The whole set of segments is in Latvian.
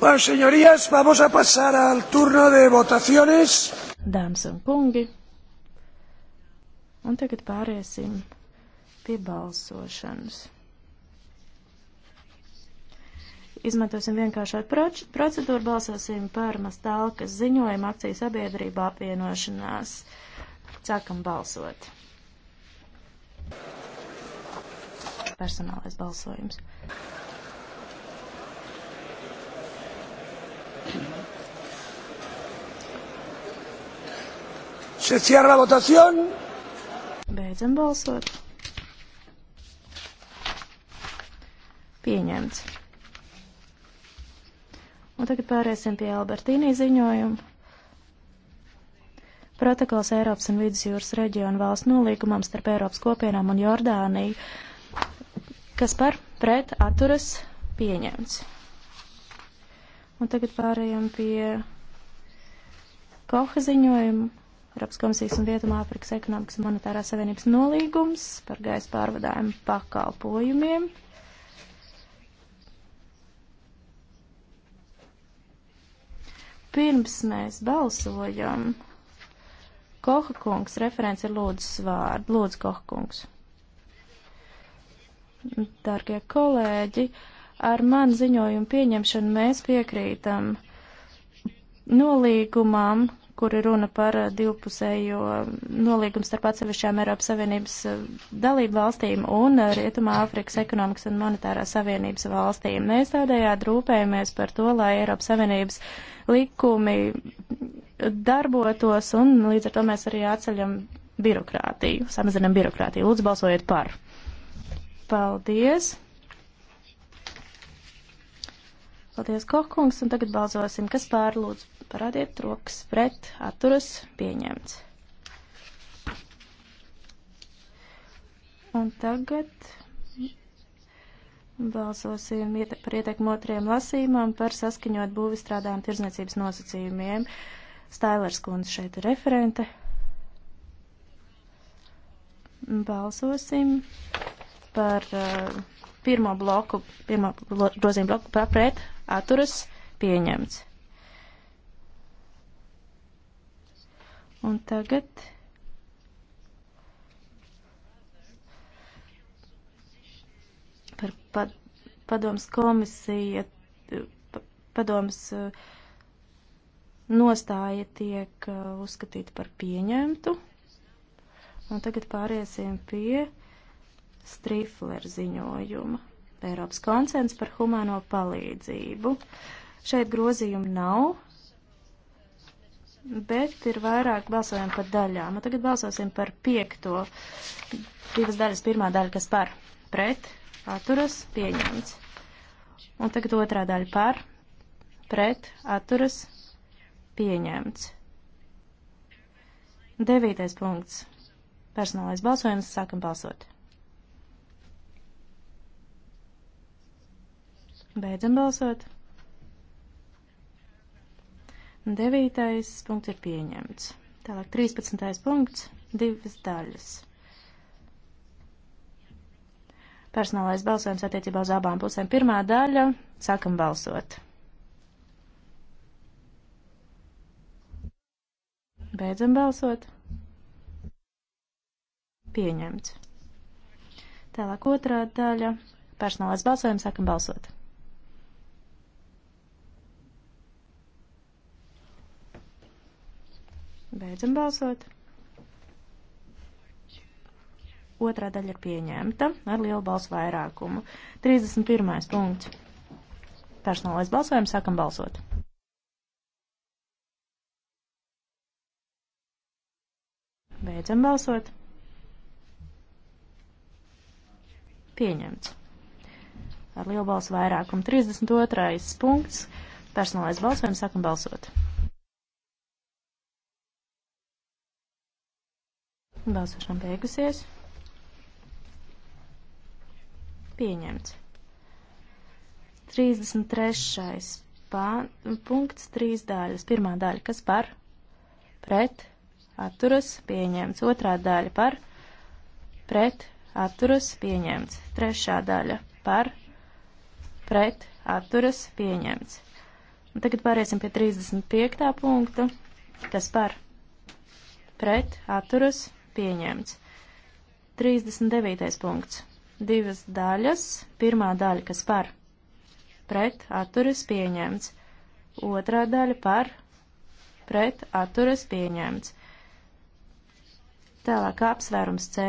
Bueno, señorías, vamos a pasar al turno de votaciones. Dāmas un kungi, un tagad pāriesim pie balsošanas. Izmantosim vienkāršāku procedūru, balsosim par Mastalkas ziņojumu akciju sabiedrību apvienošanās. Sākam balsot. Personālais balsojums. Se cierra la votación. Beidzam balsot. Pieņemts. Un tagad pārēsim pie Albertīnī ziņojuma. Protokols Eiropas un Vidusjūras reģiona valsts nolīgumam starp Eiropas kopienām un Jordāniju, kas par pret atturas pieņemts. Un tagad pārējām pie Koha ziņojuma. Eiropas komisijas un Vietumāfrikas ekonomikas un monetārā savienības nolīgums par gaisa pārvadājumu pakalpojumiem. Pirms mēs balsojam, Koha kungs, referents ir lūdzu vārdu. Lūdzu, Koha kungs. Dargie kolēģi, ar man ziņojumu pieņemšanu mēs piekrītam nolīgumam, kur ir runa par eh, divpusējo nolīgumu starp atsevišķām Eiropas Savienības eh, dalību valstīm un eh, Rietumā Āfrikas ekonomikas un monetārā savienības valstīm. Mēs tādējādi rūpējamies par to, lai Eiropas Savienības likumi darbotos un līdz ar to mēs arī atceļam birokrātiju, samazinam birokrātiju. Lūdzu, balsojiet par. Paldies! Paldies, Kohkungs, un tagad balsosim, kas pārlūdz parādiet rokas pret, atturas, pieņemts. Un tagad balsosim par ieteikumu otriem lasījumam par saskaņot būvistrādājumu tirzniecības nosacījumiem. Stailers kundze šeit ir referente. Balsosim par uh, pirmo bloku, pirmo grozījumu bloku par pret, atturas, pieņemts. Un tagad par pad padomas komisija, padomas uh, nostāja tiek uh, uzskatīta par pieņemtu. Un tagad pāriesim pie Strifler ziņojuma. Eiropas koncents par humāno palīdzību. Šeit grozījumu nav, bet ir vairāk balsojumu par daļām. Un tagad balsosim par piekto, divas daļas, pirmā daļa, kas par, pret, atturas, pieņemts. Un tagad otrā daļa par, pret, atturas, pieņemts. Devītais punkts. Personālais balsojums. Sākam balsot. Beidzam balsot. Devītais punkts ir pieņemts. Tālāk 13. punkts, divas daļas. Personālais balsojums attiecībā uz abām pusēm. Pirmā daļa - sākam balsot. Beidzam balsot. Pieņemts. Tālāk otrā daļa - personālais balsojums, sākam balsot. Beidzam balsot. Otrā daļa ir pieņemta ar lielu balsu vairākumu. 31. punkts. Personālais balsojums sākam balsot. Beidzam balsot. Pieņemts. Ar lielu balsu vairākumu. 32. punkts. Personālais balsojums sākam balsot. Balsošana beigusies. Pieņemts. 33. Pā, punkts, 3 daļas. Pirmā daļa, kas par, pret, atturas, pieņemts. Otrā daļa par, pret, atturas, pieņemts. Trešā daļa par, pret, atturas, pieņemts. Un tagad pāriesim pie 35. punkta, kas par, pret, atturas, pieņemts pieņemts. 39. punkts. Divas daļas. Pirmā daļa, kas par pret atturas pieņemts. Otrā daļa par pret atturas pieņemts. Tālāk apsvērums C.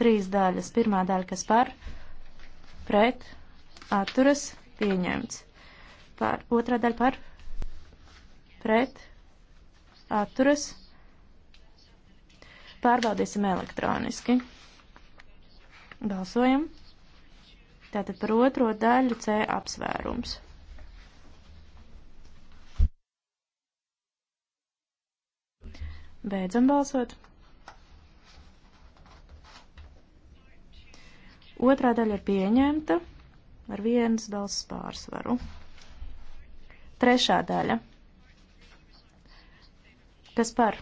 Trīs daļas. Pirmā daļa, kas par pret atturas pieņemts. Par, otrā daļa par pret atturas pieņemts Pārbaudīsim elektroniski. Balsojam. Tātad par otro daļu C apsvērums. Beidzam balsot. Otrā daļa ir pieņemta ar vienas balss pārsvaru. Trešā daļa. Kas par?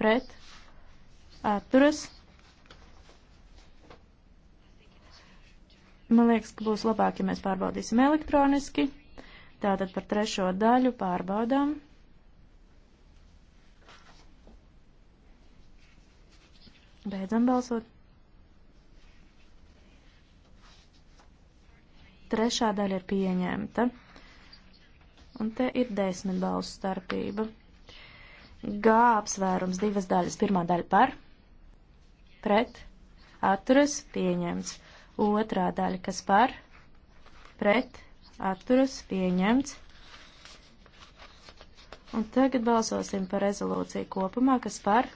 Pret? atturas. Man liekas, ka būs labāk, ja mēs pārbaudīsim elektroniski. Tātad par trešo daļu pārbaudām. Beidzam balsot. Trešā daļa ir pieņemta. Un te ir desmit balsu starpība. G apsvērums divas daļas. Pirmā daļa par pret, atturas, pieņemts. Otrā daļa, kas par, pret, atturas, pieņemts. Un tagad balsosim par rezolūciju kopumā, kas par,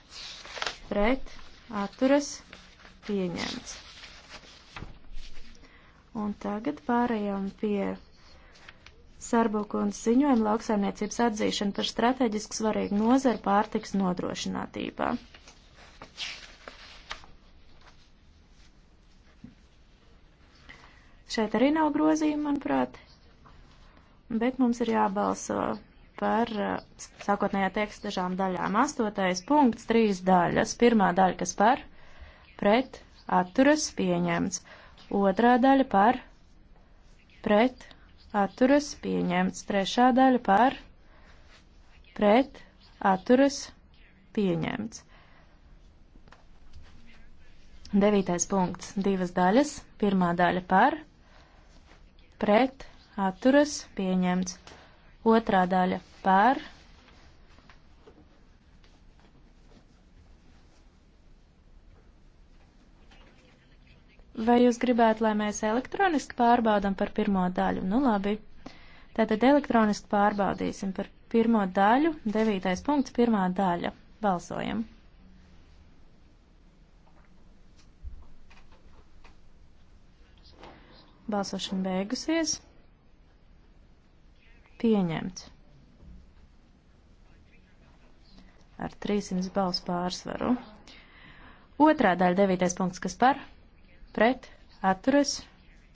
pret, atturas, pieņemts. Un tagad pārējām pie Sarbukundas ziņojuma lauksaimniecības atzīšana par strateģiski svarīgu nozaru pārtiks nodrošinātībā. Šeit arī nav grozījuma, manuprāt, bet mums ir jābalso par uh, sākotnējā teksta dažām daļām. Astotais punkts, trīs daļas. Pirmā daļa, kas par, pret, atturas, pieņemts. Otrā daļa par, pret, atturas, pieņemts. Trešā daļa par, pret, atturas, pieņemts. Devītais punkts, divas daļas. Pirmā daļa par, pret, atturas, pieņemts. Otrā daļa par, Vai jūs gribētu, lai mēs elektroniski pārbaudam par pirmo daļu? Nu labi. Tātad elektroniski pārbaudīsim par pirmo daļu, devītais punkts, pirmā daļa. Balsojam! Balsošana beigusies. Pieņemts. Ar 300 balsu pārsvaru. Otrā daļa, devītais punkts, kas par, pret, atturas,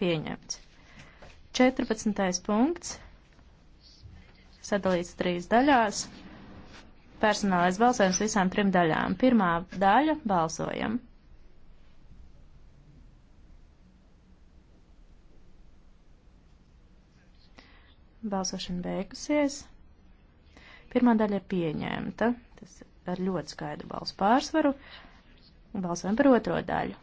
pieņemts. 14. punkts, sadalīts trīs daļās. Personālais balsojums visām trim daļām. Pirmā daļa - balsojam. Balsošana beigusies. Pirmā daļa ir pieņemta. Tas ar ļoti skaidru balsu pārsvaru. Balsojam par otro daļu.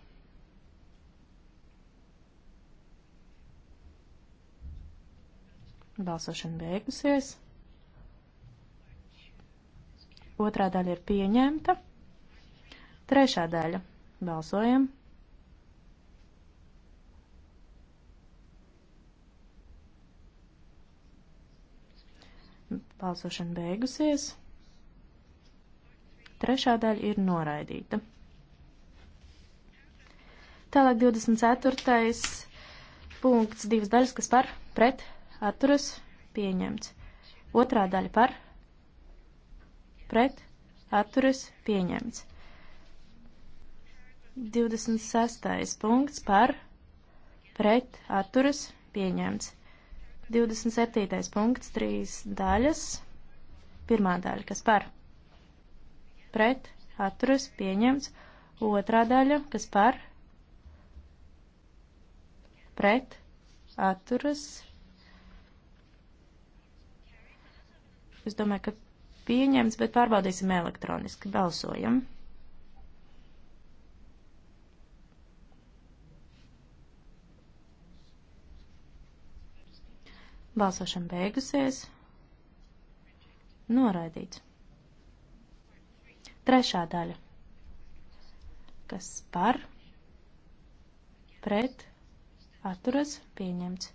Balsošana beigusies. Otrā daļa ir pieņemta. Trešā daļa. Balsojam. Balsošana beigusies. Trešā daļa ir noraidīta. Tālāk 24. punkts, divas daļas, kas par, pret, atturas, pieņemts. Otrā daļa par, pret, atturas, pieņemts. 26. punkts par, pret, atturas, pieņemts. 27. punkts, trīs daļas. Pirmā daļa, kas par, pret, atturas, pieņemts. Otrā daļa, kas par, pret, atturas. Es domāju, ka pieņemts, bet pārbaudīsim elektroniski. Balsojam. Balsošana beigusies. Noraidīts. Trešā daļa. Kas par, pret, atturas, pieņemts.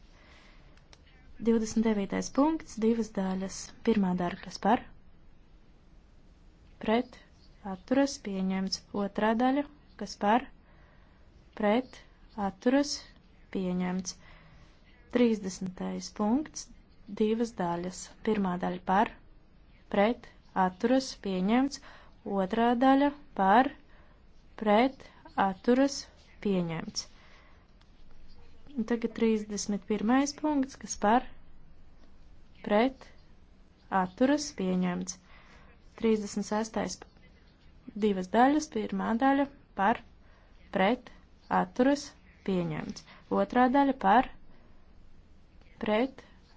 29. punkts, divas daļas. Pirmā daļa, kas par, pret, atturas, pieņemts. Otrā daļa, kas par, pret, atturas, pieņemts. 30. punkts, divas daļas. Pirmā daļa par, pret, atturas, pieņemts, otrā daļa par, pret, atturas, pieņemts. Un tagad 31. punkts, kas par, pret, atturas, pieņemts. 36. divas daļas, pirmā daļa par, pret, atturas, pieņemts. Otrā daļa par, pret, pret,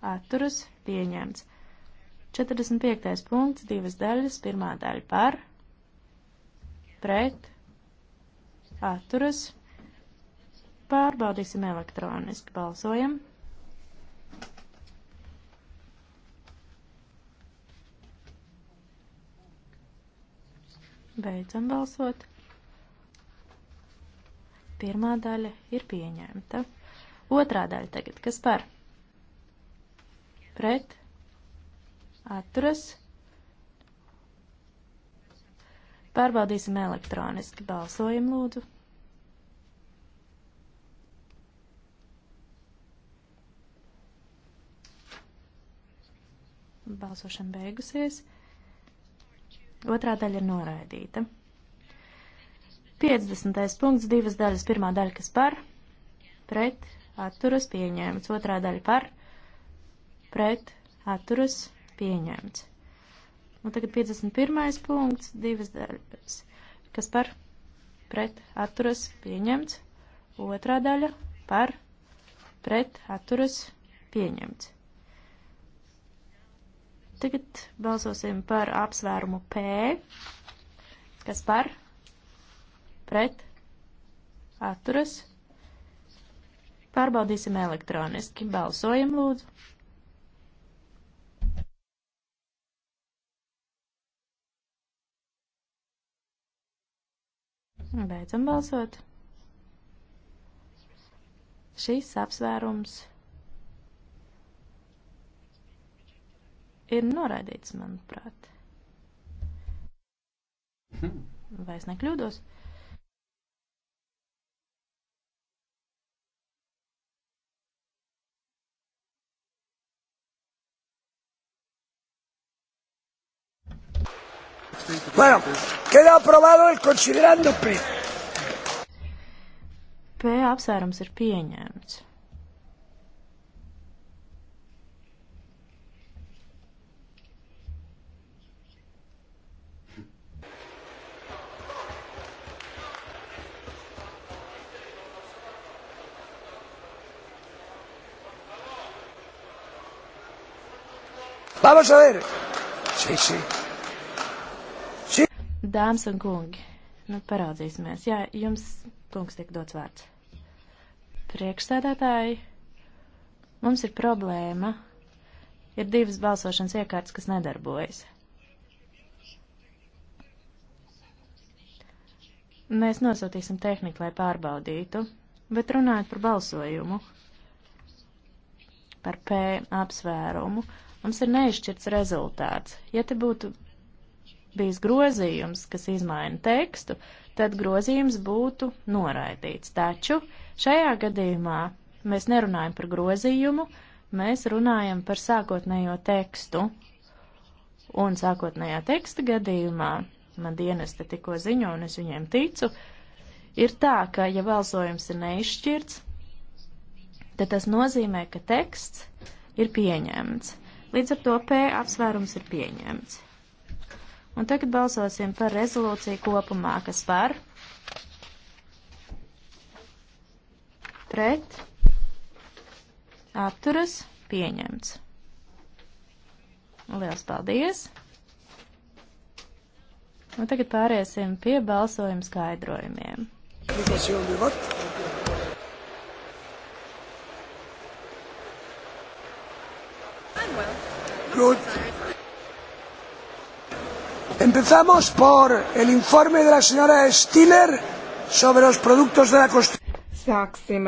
atturas, pieņemts. 45. punkts, divas daļas, pirmā daļa par, pret, atturas, pārbaudīsim elektroniski, balsojam. Beidzam balsot. Pirmā daļa ir pieņemta. Otrā daļa tagad, kas par? pret atturas. Pārbaudīsim elektroniski. Balsojam, lūdzu. Balsošana beigusies. Otrā daļa ir noraidīta. 50. punkts, divas daļas. Pirmā daļa, kas par, pret, atturas, pieņēmts. Otrā daļa par, pret atturas pieņemts. Un tagad 51. punkts, divas daļas, kas par pret atturas pieņemts, otrā daļa par pret atturas pieņemts. Tagad balsosim par apsvērumu P, kas par pret atturas. Pārbaudīsim elektroniski. Balsojam, lūdzu! Beidzam balsot. Šīs apsvērums ir noraidīts, manuprāt. Vai es nekļūdos? Bueno, queda aprobado el considerando P. P apsvērums ir pieņemts. Vamos a ver. Sí, sí. sí. Dāmas un kungi, nu parādīsimies. Jā, jums kungs tiek dots vārds. Priekšsēdētāji, mums ir problēma. Ir divas balsošanas iekārtas, kas nedarbojas. Mēs nosūtīsim tehniku, lai pārbaudītu, bet runājot par balsojumu, par P apsvērumu, mums ir neizšķirts rezultāts. Ja te būtu bijis grozījums, kas izmaina tekstu, tad grozījums būtu noraidīts. Taču šajā gadījumā mēs nerunājam par grozījumu, mēs runājam par sākotnējo tekstu. Un sākotnējā teksta gadījumā, man dienesti tikko ziņo un es viņiem ticu, ir tā, ka ja balsojums ir neizšķirts, tad tas nozīmē, ka teksts ir pieņemts. Līdz ar to P apsvērums ir pieņemts. Un tagad balsosim par rezolūciju kopumā, kas par, pret, atturas, pieņemts. Liels paldies! Un tagad pāriesim pie balsojuma skaidrojumiem. Good. Empezamos por el informe de la señora Stiller sobre los productos de la construcción.